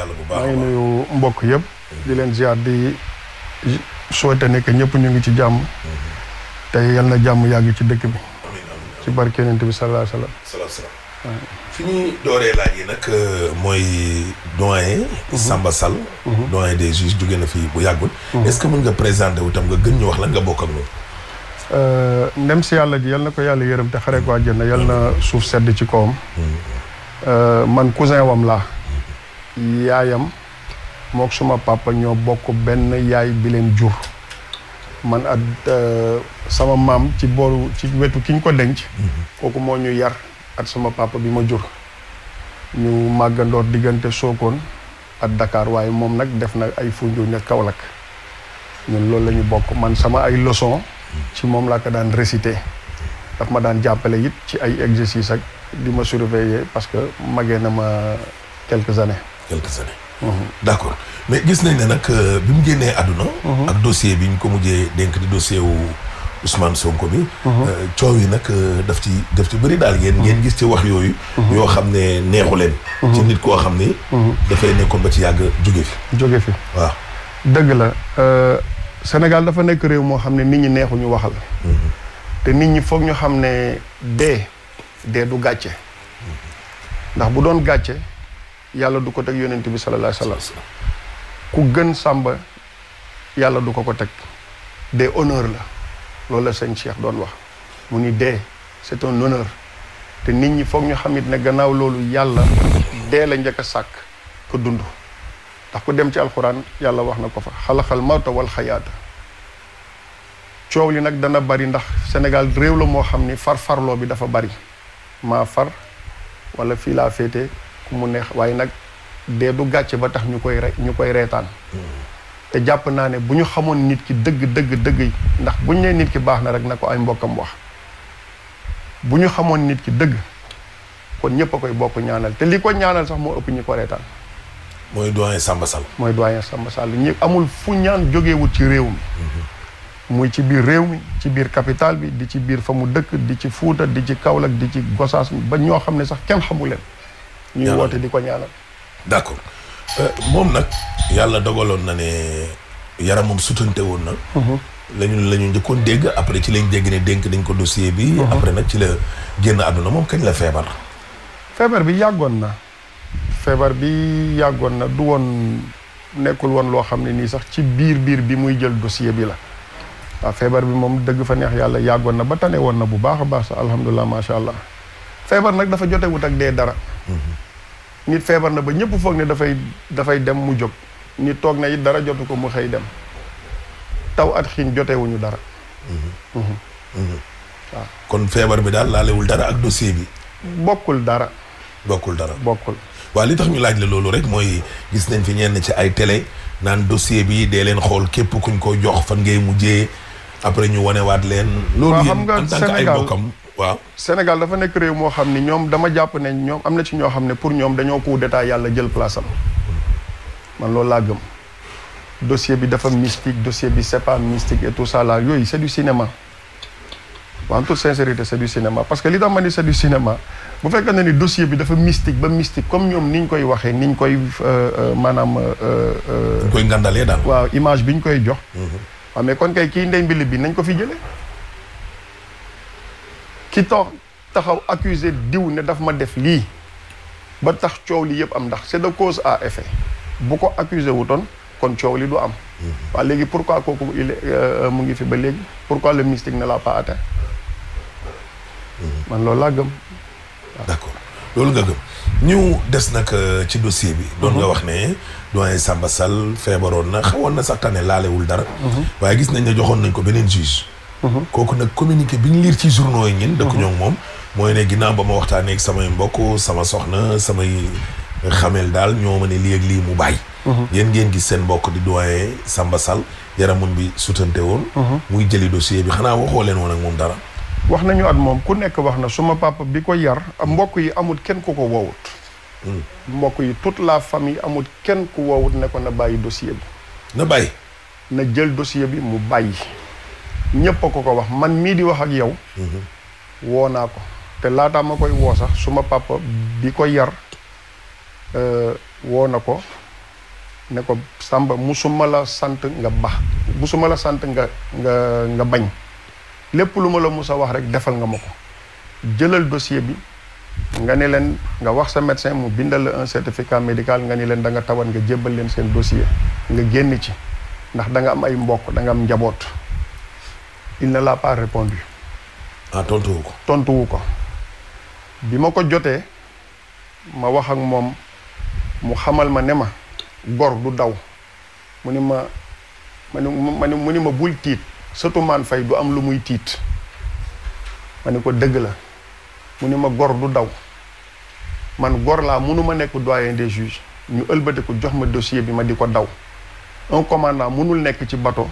yàlla bu baax maa mbokk yëpp. di leen ziar di souhaité nekk que ñëpp ñu ngi ci jàmm. Mm-hmm. te yal na jàmm yàgg ci dëkk bi. ci barke yonent bi sallallahu alayhi wa fi ñuy dooree laaj yi nag euh, mooy doyen. Mm-hmm. Samba Sall. Mm-hmm. doyen des juges jóge na fii bu yàggul. est-ce que mën nga présenter wu tam nga gën ñu wax lan nga bokk ak ñoom. Euh, ndem si yàlla ji yal na ko yàlla yërëm te xare ko àjjana yal na suuf sedd ci kawam. Euh, man cousin wam laa. yaayam mook suma papa ñoo bokk benn yaay bi leen jur man at euh, sama maam ci booru ci wetu ki ñu ko denc mm-hmm. kooku moo ñu yar ak sama papa bi ma jur ñu màggandoor diggante Sokone ak dakaar waaye moom nag def na ay Foundiougne ak Kaolack ñun loolu la ñu bokk man sama ay leçon mm-hmm. ci moom laa ko daan réciter daf ma daan jàppale it ci ay exercice ak di ma surveiller parce que magee na ma quelques années quelques années. d' accord mais gis nañ ne nag euh, bi mu génnee àdduna. ak dossier bi ñu ko mujjee dénk di dossier wu Ousmane Sonko bi. Mhm. Euh, coow yi nag euh, daf ci daf ci bëri daal ngeen. ngeen gis ci wax yooyu. Mhm. yoo xam ne neexu leen. Mhm. ci koo xam ni. dafay nekkoon ba ci yàgg jóge fi. jóge fi waaw. dëgg la Sénégal dafa nekk réew moo xam ne nit ñi neexuñu waxal. te nit ñi foog ñu xam ne dee dee du gàcce. ndax bu doon gàcce yàlla du ko teg yonent bi sallallahu alayhi wa sallam ku gën sàmba yàlla du ko ko teg des honneur la loolu la sëñ Cheikh doon wax mu ni dee c'est un honneur te nit ñi foog ñu xamit ne gannaaw loolu yàlla dee la njëkk a sàkk ko dund ndax ku dem ci alxuraan yàlla wax na ko fa xalaxal mawta wal xayaata coow li nag dana bari ndax Sénégal réew la moo xam ni far farloo bi dafa bari maa far wala fii laa féete mu neex waaye nag dee du gàcce ba tax ñu koy re ñu koy reetaan te jàpp naa ne bu ñu xamoon nit ki dëgg dëgg dëgg yi ndax bu ñu nee nit ki baax na rek na ko ay mbokkam wax bu ñu xamoon nit ki dëgg kon ñëpp a koy bokk ñaanal te li ko ñaanal sax moo ëpp ñi ko reetaan mooy doyen Samba Sall mooy doyen Samba Sall ñi amul fu ñaan jógeewut ci réew mi mm-hmm. muy ci biir réew mi ci biir capital bi di ci biir fa mu dëkk di ci Fuuta di ci Kaolack di ci Gosaas ba ñoo xam ne sax kenn xamu ñuy woote di ko ñaanal. d' accord euh, moom nag yàlla dogaloon na ne yaram yaramam sutante woon na. Mhm. lañu la ñu njëkkoon dégg après ci lañ dégg ne dénk dañ ko dossier bi. Mhm. après nag ci la génn àdduna moom kañ la feebar. feebar bi yàggoon na. feebar bi yàggoon na du woon nekkul woon loo xam ne nii sax ci biir biir bi muy jël dossier bi la. waa feebar bi moom dëgg fa neex yàlla yàggoon na ba tane woon na bu baax a baax sax alhamdulilah macha allah feebar nag dafa jotewut ak dee dara. Mm-hmm. nit feebar na ba ñëpp foog ne dafay dafay dem mu jóg nit toog na it dara jotu ko mu xëy dem taw at xiin jotewuñu dara mm-hmm. Mm-hmm. kon feebar bi daal laalewul dara ak dossier bi bokkul dara bokkul dara bokkul waa li tax ñu laaj la loolu rek mooy gis nañ fi ñenn ci ay tele naan dossier bi dee leen xool képp kuñ ko jox fan ngay mujjee après ñu wanewaat leen loolu yéen en tant que ay bokkam waaw Sénégal dafa nekk réew moo xam ni ñoom dama jàpp ne ñoom am na ci ñoo xam ne pour ñoom dañoo coup d'état yàlla jël place am man loolu laa gëm dossier bi dafa mystique dossier bi c'est pas mystique et tout ça là yooyu c'est du cinéma en toute sincérité c'est du cinéma parce que li tax ma ni c'est du cinéma bu fekkee ne ni dossier bi dafa mystique ba mystique comme ñoom ni ñu koy waxee ni koy euh, euh, maanaam. Euh, koy ngandalee daal. waaw image bi ñu koy jox. waaw mhm. ah, mais kon kay kii ndey mbili bi nañ ko fi jëlee. ki tax taxaw accusé diw ne daf ma def lii ba tax coow li yëpp am ndax c'est de cause à effet bu ko accusé wutoon kon coow lii du am mhm. waaw léegi pourquoi kooku euh, mu ngi fi ba léegi pourquoi le mystique ne l'a pas atteint mhm. man loolu laa gëm d'accord loolu nga gëm ñu des nag euh, ci dossier bi doon nga mhm. wax ne doyen Samba Sall feebaroon na xawoon na sax tane laalewul dara waaye gis nañ ne joxoon nañ ko beneen juge Uh-huh. kooku nag communiqué bi ñu liir ci journaux yi ñun. dëkk uh-huh. ñoo moom mooy ne ginnaaw ba ma waxtaanee ak samay mbokk sama soxna samay xamel daal ñoo ma ne lii ak lii mu bàyyi. Uh-huh. yéen ngeen gis seen mbokk di doyen Samba Sall yaramun bi sutante woon. muy jëli dossier bi xanaa waxoo leen woon ak moom dara. wax nañu at moom ku nekk wax na suma papa bi ko yar mbokk yi amul kenn ku ko woowut. Hmm. mbokk yi toute la famille amul kenn ku woowut ne ko na bàyyi dossi bi. na bàyyi. na jël dossier bi mu bàyyi. ñëpp a ko ko wax man mii di wax ak yow. Mhm. woo naa ko te laataa ma koy woo sax suma papa bi ko yar euh, woo na ko ne ko Samba musuma la sant nga baax musuma la sant nga nga nga bañ lépp lu ma la musa wax rek defal nga ma ko jëlal dossier bi. nga ni leen nga wax sa médecin mu bindal la un certificat médical nga ni leen da nga tawat nga jébbal leen seen dossier nga génn ci ndax da nga am ay mbokk danga am njaboot il ne l'a pas répondu. ah tontuwu ko. tontuwu ko bi ma ko jotee ma wax ak moom mu xamal ma ne ma gor du daw mu ni ma ma ni ma mu ni ma bul tiit surtout man fay du am lu muy tiit ma ni ko dëgg la mu ni ma gor du daw man gor laa mënuma nekk doyen de juges ñu ëlbatiku jox ma dossier bi ma di ko daw un commandant mënul nekk ci bateau.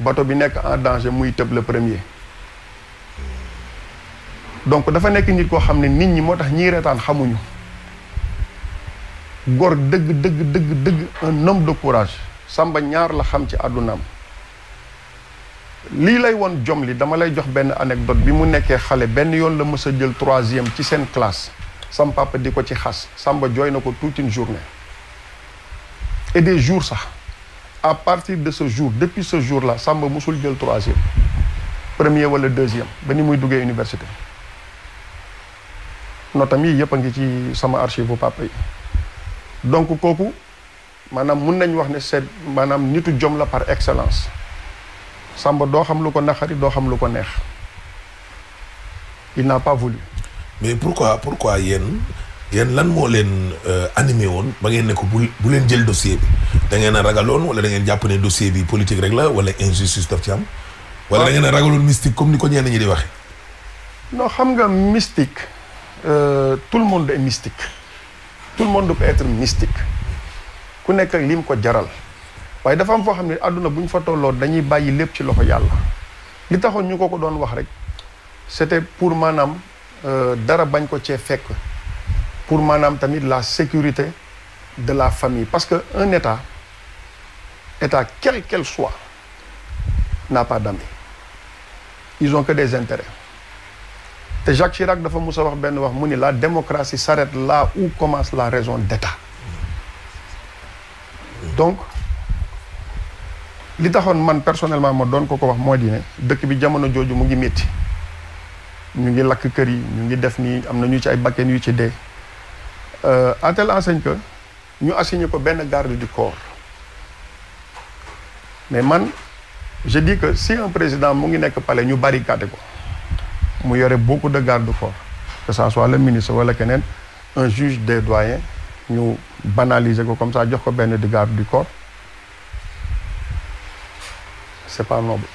bateau bi nekk en danger muy tëb le premier donc dafa nekk nit koo xam ne nit ñi moo tax ñiy reetaan xamuñu góor dëgg dëgg dëgg dëgg un de courage Samba ñaar la xam ci àddunaam lii lay won jom li dama lay jox benn anecdote bi mu nekkee xale benn yoon la mës a jël troisième ci seen classe sam di ko ci xas Samba jooy na ko toute une journée et des jours sax à partir de ce jour depuis ce jour là Samba musul jël troisième premier wala deuxième ba ni muy duggee université notam yi yëpp a ngi ci sama archive bu papa donc kooku maanaam mun nañ wax ne c'est maanaam nitu jom la par excellence Samba doo xam lu ko naxari doo xam lu ko neex il n'a pas voulu mais pourquoi pourquoi yéen yéen lan moo leen euh, animé woon ba ngeen ne ko bu bu leen jël dossier bi da ngeen ragaloon wala dangeen ngeen jàpp dossier bi politique rek la wala injustice daf ci am. wala da ngeen a ragaloon mystique comme ni ko ñenn ñi di waxee. non xam nga mystique euh, tout le monde est mystique tout le monde peut être mystique ku nekk ak mu ko jaral waaye dafa am foo xam ne àdduna bu ñu fa tolloo dañuy bàyyi lépp ci loxo yàlla li taxoon ñu ko ko doon wax rek c'était pour maanaam euh, dara bañ ko cee fekk. pour maanaam tamit la sécurité de la famille parce que un état état quel qu'elle soit n'a pas d'amis ils ont que des intérêts te Jacques Chirac dafa mus a wax benn wax mu ni la démocratie s'arrête la où commence la raison d'état donc li taxoon man personnellement ma doon ko ko wax moo di ne dëkk bi jamono jooju mu ngi métti ñu ngi lakk kër yi ñu ngi def nii am na ñu ci ay bakken yu ci dee à euh, telle enseigne que ñu assigné ko benn garde du corps mais man je dis que si un président mu ngi nekk palais ñu barricade ko mu yore beaucoup de garde du corps que ça soit le ministre wala keneen un juge des doyens ñu banaliser ko comme ça jox ko benn di garde du corps c'est pas noble.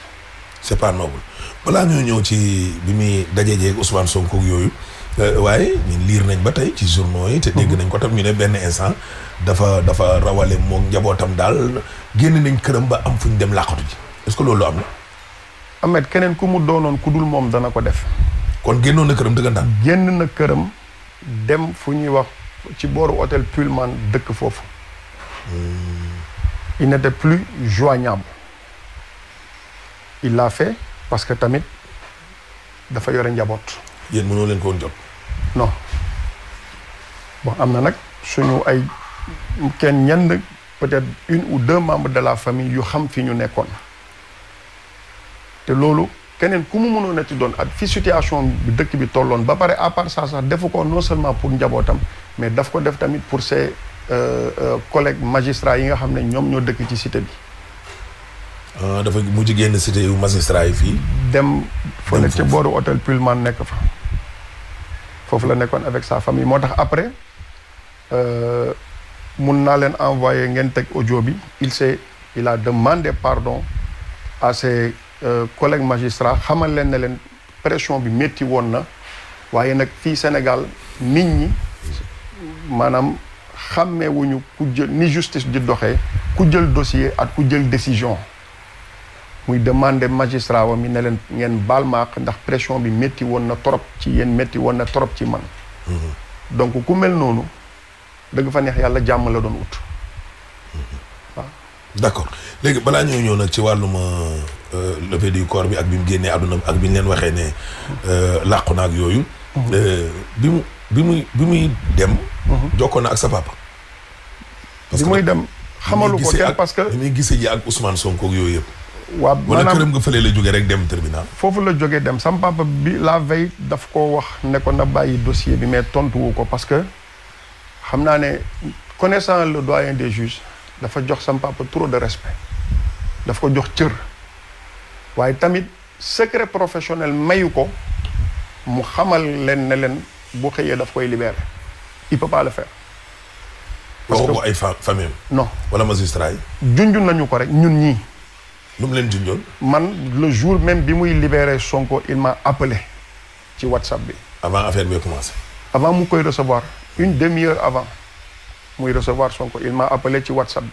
c'est pas noble balaa ñoo ñëw ci bi muy dajee jeeg Ousmane sonkook yooyu. Euh, waaye ñun liir nañ ba tey ci journaux yi. te dégg mhm. nañ ko tam ñu ne benn instant dafa dafa rawale moom njabootam daal génn nañ këram ba am fu ñu dem làqatu ji est que loolu am na. Ahmed keneen ku mu doonoon ku dul moom dana ko def. kon génnoon na këram dëggantaan. génn na këram dem fu ñuy wax ci booru hôtel Pullman dëkk foofu. Hmm. il n'était plus joignable. il l'a fait parce que tamit dafa yore njaboot. yéen mënoo leen ko jot. non bon am na nag suñu ay kenn ñenn peut-être une ou deux membres de la famille yu xam fi ñu nekkoon te loolu keneen ku mu mënoon a ci doon ak fi situation bi dëkk bi tolloon ba pare à part ça sax defu ko non seulement pour njabootam mais daf ko def tamit pour ses euh, euh, collègues magistrats yi nga xam ne ñoom ñoo dëkk ci cité bi. Euh, dafa mujj génn cité yu magistrats yi fii. dem fële ca booru hôtel Pullman nekk fa. foofu la nekkoon avec sa famille moo tax après euh, mun naa leen envoyé ngeen teg audio bi il s'est il a demandé pardon à ses euh, collègues magistrats xamal leen na leen pression bi métti woon na waaye nag fii Sénégal nit ñi maanaam xàmmeewuñu ku jël ni justice di doxee ku jël dossier ak ku jël décision muy demandé magistrat wam yi ne leen ngeen baal maax ndax pression bi métti woon na trop ci yéen métti woon na trop ci man mm-hmm. donc ku mel noonu dëgg fa neex yàlla jàmm la doon wut mm-hmm. waaw d'accord léegi balaa ñoo ñëw nag ci wàllum euh, levée du corps bi ak bi mu génnee àdduna ak bi ñu leen waxee ne euh, làqu na ak yooyu mm-hmm. euh, bi mu bi muy bi muy dem jokkoon na ak sa papa bi muy dem xamalu ko kenn parce que bi muy gisee ji ak Ousmane Sonko yooyu yëpp waa wala këram nga fële la jógee rek dem tribunal. foofu la jógee dem sam papa bi la veille daf ko wax ne ko na bàyyi dossier bi mais tontuwu ko parce que xam naa ne connaissant le doyen des juges dafa jox sam papa trop de respect daf ko jox cër waaye tamit secret professionnel mayu ko mu xamal leen ne leen bu xëyee daf koy libérer il peut pas le faire. parce que ay famille. non wala magistrat yi. junj nañu ko rek ñun ñii. lu mu leen junjoon. man le jour même bi muy libéré Sonko il m'a appelé ci WhatsApp bi. avant affaire bi commencé. avant mu koy recevoir une demi-heure avant muy recevoir Sonko il m'a appelé ci WhatsApp bi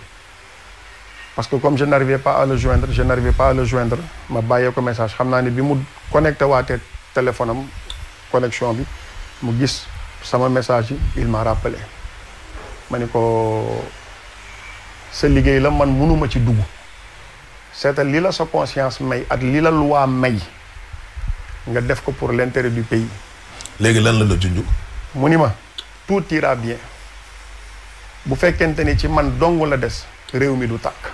parce que comme je n'arrivais pas à le joindre je n'arrivais pas à le joindre ma bàyyee ko message xam naa ne bi mu connecté waatee téléphone am connexion bi mu gis sama message yi il m'a rappelé ma ni ko sa liggéey la man mënuma ci dugg. seetal li la sa conscience may ak li la lu loi may nga def ko pour l'intérêt du pays. léegi lan la la junj. mu ni ma tout ira bien bu fekkente ni ci man dong la des réew mi du tàkk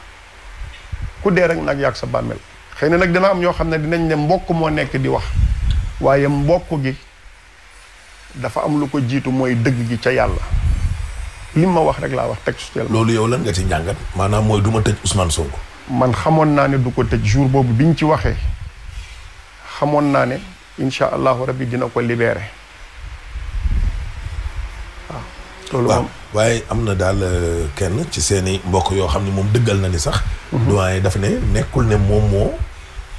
ku dee rek nag yàgg sa bàmmeel xëy na nag dina am ñoo xam ne dinañ ne mbokk moo nekk di wax waaye mbokk gi dafa am lu ko jiitu mooy dëgg gi ca yàlla li ma wax rek laa wax textuellement. loolu yow lan nga ci njàngat maanaam mooy du ma tëj Ousmane Sonko. man xamoon naa ne du ko tëj jour boobu bi ñu ci waxee xamoon naa ne incha allahu rabbi dina ko libéré waaw. loolu waaye am na daal euh, kenn ci seen i mbokk yoo xam ne moom dëggal na ni sax. Mhm. doyen daf ne nekkul ne moom moo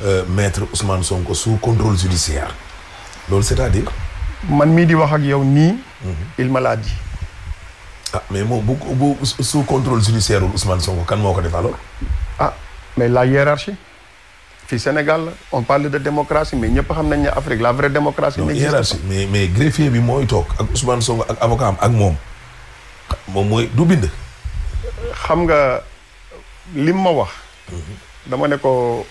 euh, metre Ousmane Sonko sous contrôle judiciaire loolu c'est-à-dire. man mii di wax ak yow nii. Mhm. il ma laa di. ah mais moom bu bu sous contrôle judiciaire Ousmane Sonko kan moo ko def alors. mais la hiérarchie fii Sénégal la on parle de démocratie mais ñëpp xam nañ ne Afrique la vraie démocratie. non hiérarchie mais mais greffier bi mooy toog ak Ousmane Sonko ak avocat ak moom moom mooy du bind. xam nga lim ma wax. dama ne ko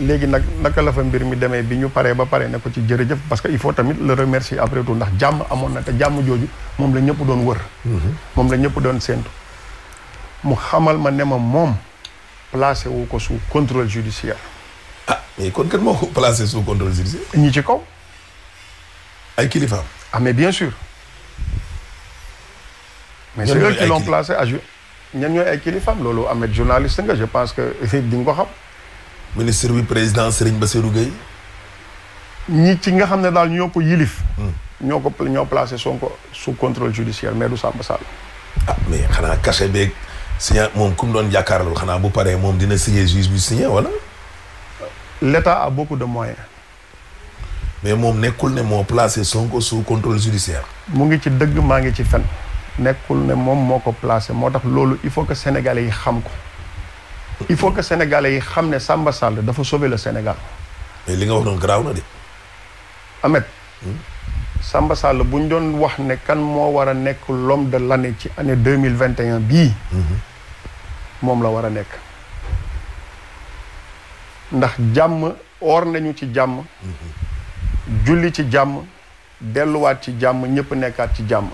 léegi nag naka la fa mbir mi demee bi ñu paree ba pare ne ci jërëjëf parce que il faut tamit le remercie après tout ndax jàmm amoon na te jàmm jooju moom la ñëpp doon wër. Mhm. moom la ñëpp doon séentu mu xamal ma ne ma moom. placé wu ko sous contrôle judiciaire. ah mais kon moo ko placé sous contrôle judiciaire. ñi ci kaw. ay kilifaam. amee ah, bien sûr. mais c'est eux qui l'ont placé à ju. ñan ñooy ay kilifaam loolu Ahmed journaliste nga je pense que di nga ko xam. ministre bi président Serigne Bassirou Gueye. ñi ci nga xam ne daal ñoo ko yilif. Hmm. ñoo ko ñoo placé Sonko su contrôle judiciaire mais du Samba Sall. ah mais xanaa cachet beeg. signé moom ku mu doon jàkkaarloo xanaa bu paree moom dina signé juge bi signé wala. l' état a de moyens. mais moom nekkul ne moo placé Sonko sous contrôle judiciaire. mu ngi ci dëgg maa ngi ci fen nekkul ne moom moo ko placé moo tax loolu il faut que sénégalais yi xam ko. il faut que sénégalais yi xam ne sàmba Sall dafa sauver le Sénégal. mais li nga wax noonu garaaw na de. Ahmed. Hmm? Samba Sall bu ñu doon wax ne kan moo war a nekk l'homme de l'année ci année deux mille vingt et bii. Mm-hmm. moom la war a nekk. ndax jàmm or nañu ci jàmm. Mm-hmm. julli ci jàmm. delluwaat ci jàmm ñëpp nekkaat ci jàmm.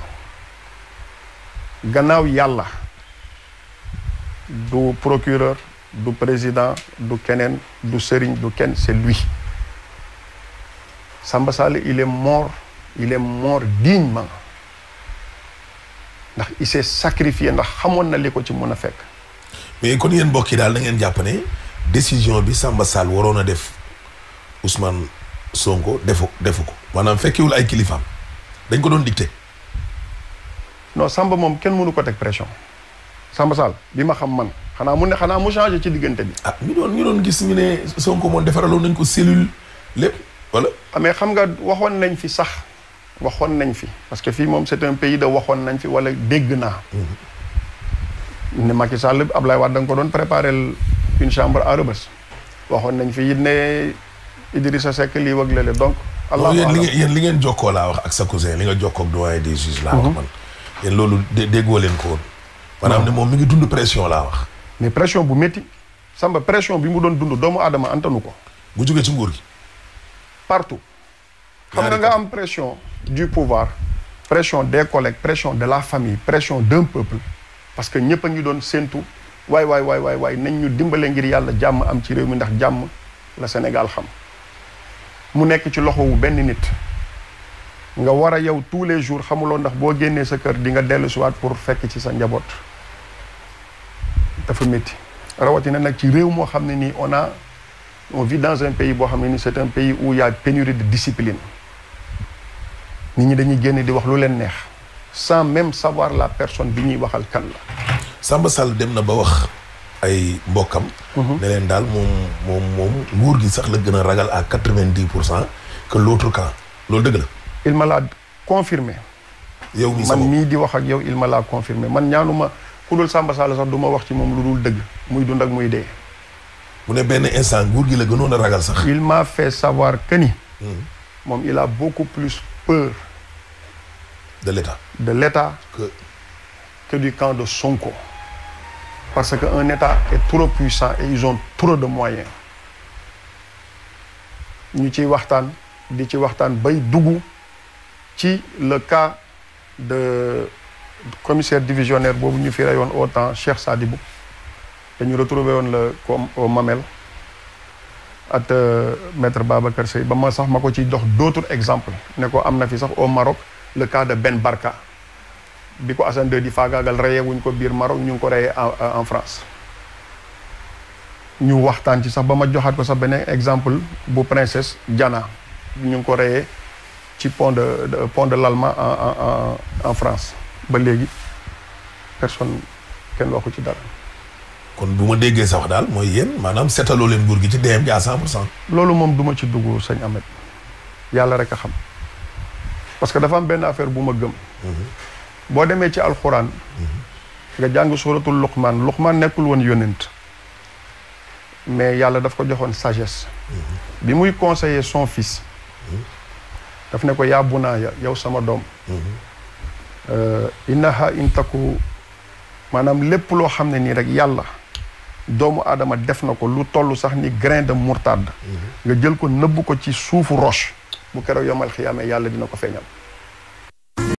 gannaaw yàlla. du procureur du président du keneen du sëriñ du kenn c'est lui. Samba Sall il est mort. il est mort dignement ndax il s'est sacrifié ndax xamoon na li ko ci mën a fekk. mais kon yéen mbokk yi daal da ngeen jàppane décision bi Samba Sall waroon a def Ousmane Sonko defu defu ko maanaam fekkewul ay kilifaam dañ ko doon dicté. no Samba moom kenn mënu ko teg pression Samba Sall bi ma xam man xanaa mu ne xanaa mu changé ci diggante bi. ah ñu doon ñu gis ñu ne Sonko moom defaraloon nañ ko cellule lépp wala. Ah, mais xam nga waxoon nañ fi sax. waxoon nañ fi parce que fii moom c'est un pays da waxoon nañ fi wala dégg naa. Mhm. ne Macky Sall Ablaye Wade da nga ko doon préparer une chambre à Rebeuss waxoon nañ fi it ne sa Seck lii wëg lële donc. allah li ngeen yéen li ngeen jokkoo laa wax ak sa cousin li nga jokkoo ak doyen des juges mhm. loolu déggoo ko woon. maanaam ne moom mi ngi dund pression laa wax. mais pression bu métti samba pression bi mu doon dund doomu aadama antanu ko. bu jógee si nguur gi. xam na nga am pression du pouvoir pression des collègues pression de la famille pression d'un peuple parce que ñëpp a ngi doon séentu waay waay waay waay waay nañ ñu dimbale ngir yàlla jàmm am ci réew mi ndax jàmm la Sénégal xam mu nekk ci loxowu benn nit nga war a yow tous les jours xamuloo ndax boo génnee sa kër di nga dellu siwaat pour fekk ci sa njaboot dafa metti rawatina nag ci réew moo xam ne nii on a on vit dans un pays boo xam ne nii c'est un pays où il y a nit ñi dañuy génn di wax lu leen neex sans même savoir la personne bi ñuy waxal kan la. Samba Sall dem na ba wax ay mbokkam. Mhm. ne leen daal moom moom moom nguur gi sax la gën a ragal à quatre-vingt-dix pour cent que l'autre camp loolu dëgg la. il ma laa confirmé. yow mii mii di wax ak yow il ma laa confirmé man ñaanuma ku dul Samba Sall sax du ma wax ci moom lu dul dëgg muy dund ak muy dee. mu ne benn instant nguur gi la gënoon a ragal sax. il m'a fait savoir que mhm. moom il a beaucoup plus. peur de l'État. De l'État que... du camp de Sonko. Parce qu'un État est trop puissant et ils ont trop de moyens. ñu ci waxtaan di ci waxtaan bay dugg ci le cas de commissaire divisionnaire boobu ñu fi reyoon au temps Cheikh Sadibou te ñu retrouvé woon la comme au at euh, maître Babacar Seye ba ma sax ma ko ci dox dootul exemple ne ko am na fi sax au Maroc le cas de benn Barka bi ko Assane 2 di faagaagal reyee wuñ ko biir Maroc ñu ngi ko reyee en euh, France ñu waxtaan ci sax ba ma joxaat ko sax beneen exemple bu princesse Diana ñu ngi ko reyee ci pont de pont de l'Alma en en France ba léegi personne kenn waxu ci dara. kon bu ma déggee sax daal mooy yéen maanaam seetaloo leen nguur gi ci dee gi à cent pour cent loolu moom du ma ci dugg sëñ Ahmed yàlla rek a xam parce que dafa am benn affaire bu ma gëm mhm. boo demee ci alxuraan mhm. nga jàng suratul luqmaan luqmaan nekkul woon yonent mais yàlla daf ko joxoon sagesse mhm. bi muy conseiller son fils daf ne ko yaa bunaaya yow sama doom euh, innaha maanaam lépp loo xam ne nii rek yàlla doomu aadama def na ko lu toll sax ni grain de mhm. nga jël ko nëbb ko ci suufu roche bu keroog yomal xiyaamee yàlla dina ko feeñal